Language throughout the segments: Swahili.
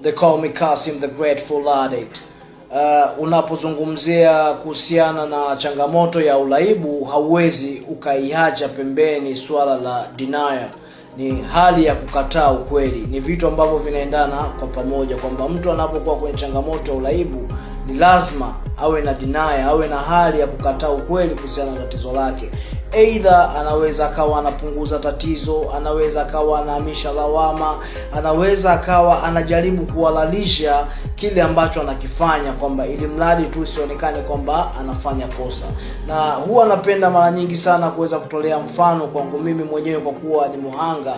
They call me Kasim the Grateful Addict. Uh, unapozungumzia kuhusiana na changamoto ya ulaibu hauwezi ukaiacha pembeni swala la denial. Ni hali ya kukataa ukweli, ni vitu ambavyo vinaendana kwa pamoja, kwamba mtu anapokuwa kwenye changamoto ya ulaibu ni lazima awe na dinaya awe na hali ya kukataa ukweli kuhusiana na tatizo lake eidha anaweza akawa anapunguza tatizo anaweza akawa anahamisha lawama anaweza akawa anajaribu kuhalalisha kile ambacho anakifanya kwamba ili mradi tu isionekane kwamba anafanya kosa na huwa anapenda mara nyingi sana kuweza kutolea mfano kwangu mimi mwenyewe kwa kuwa ni muhanga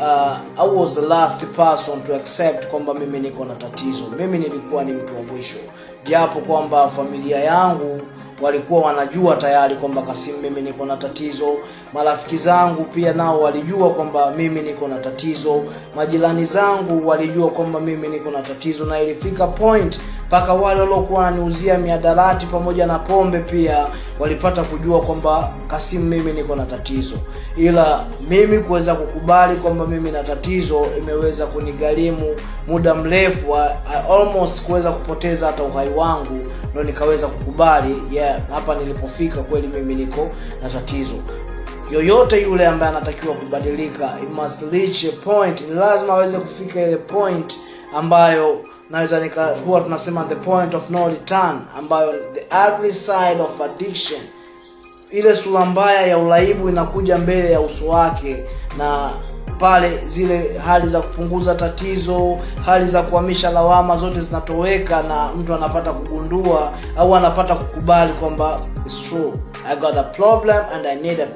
uh, I was the last person to accept kwamba mimi niko na tatizo mimi nilikuwa ni mtu wa mwisho japo kwamba familia yangu walikuwa wanajua tayari kwamba Kasimu, mimi niko na tatizo. Marafiki zangu pia nao walijua kwamba mimi niko na tatizo, majirani zangu walijua kwamba mimi niko na tatizo, na ilifika point mpaka wale waliokuwa wananiuzia miadarati pamoja na pombe pia walipata kujua kwamba Kasimu, mimi niko na tatizo, ila mimi kuweza kukubali kwamba mimi na tatizo imeweza kunigharimu muda mrefu, almost kuweza kupoteza hata uhai wangu, ndio nikaweza kukubali yeah hapa nilipofika kweli mimi niko na tatizo yoyote yule ambaye anatakiwa kubadilika it must reach a point ni lazima aweze kufika ile point ambayo naweza nika huwa tunasema the point of no return ambayo the ugly side of addiction ile sura mbaya ya uraibu inakuja mbele ya uso wake na pale zile hali za kupunguza tatizo, hali za kuhamisha lawama zote zinatoweka, na mtu anapata kugundua au anapata kukubali kwamba it's true I got a problem and I need a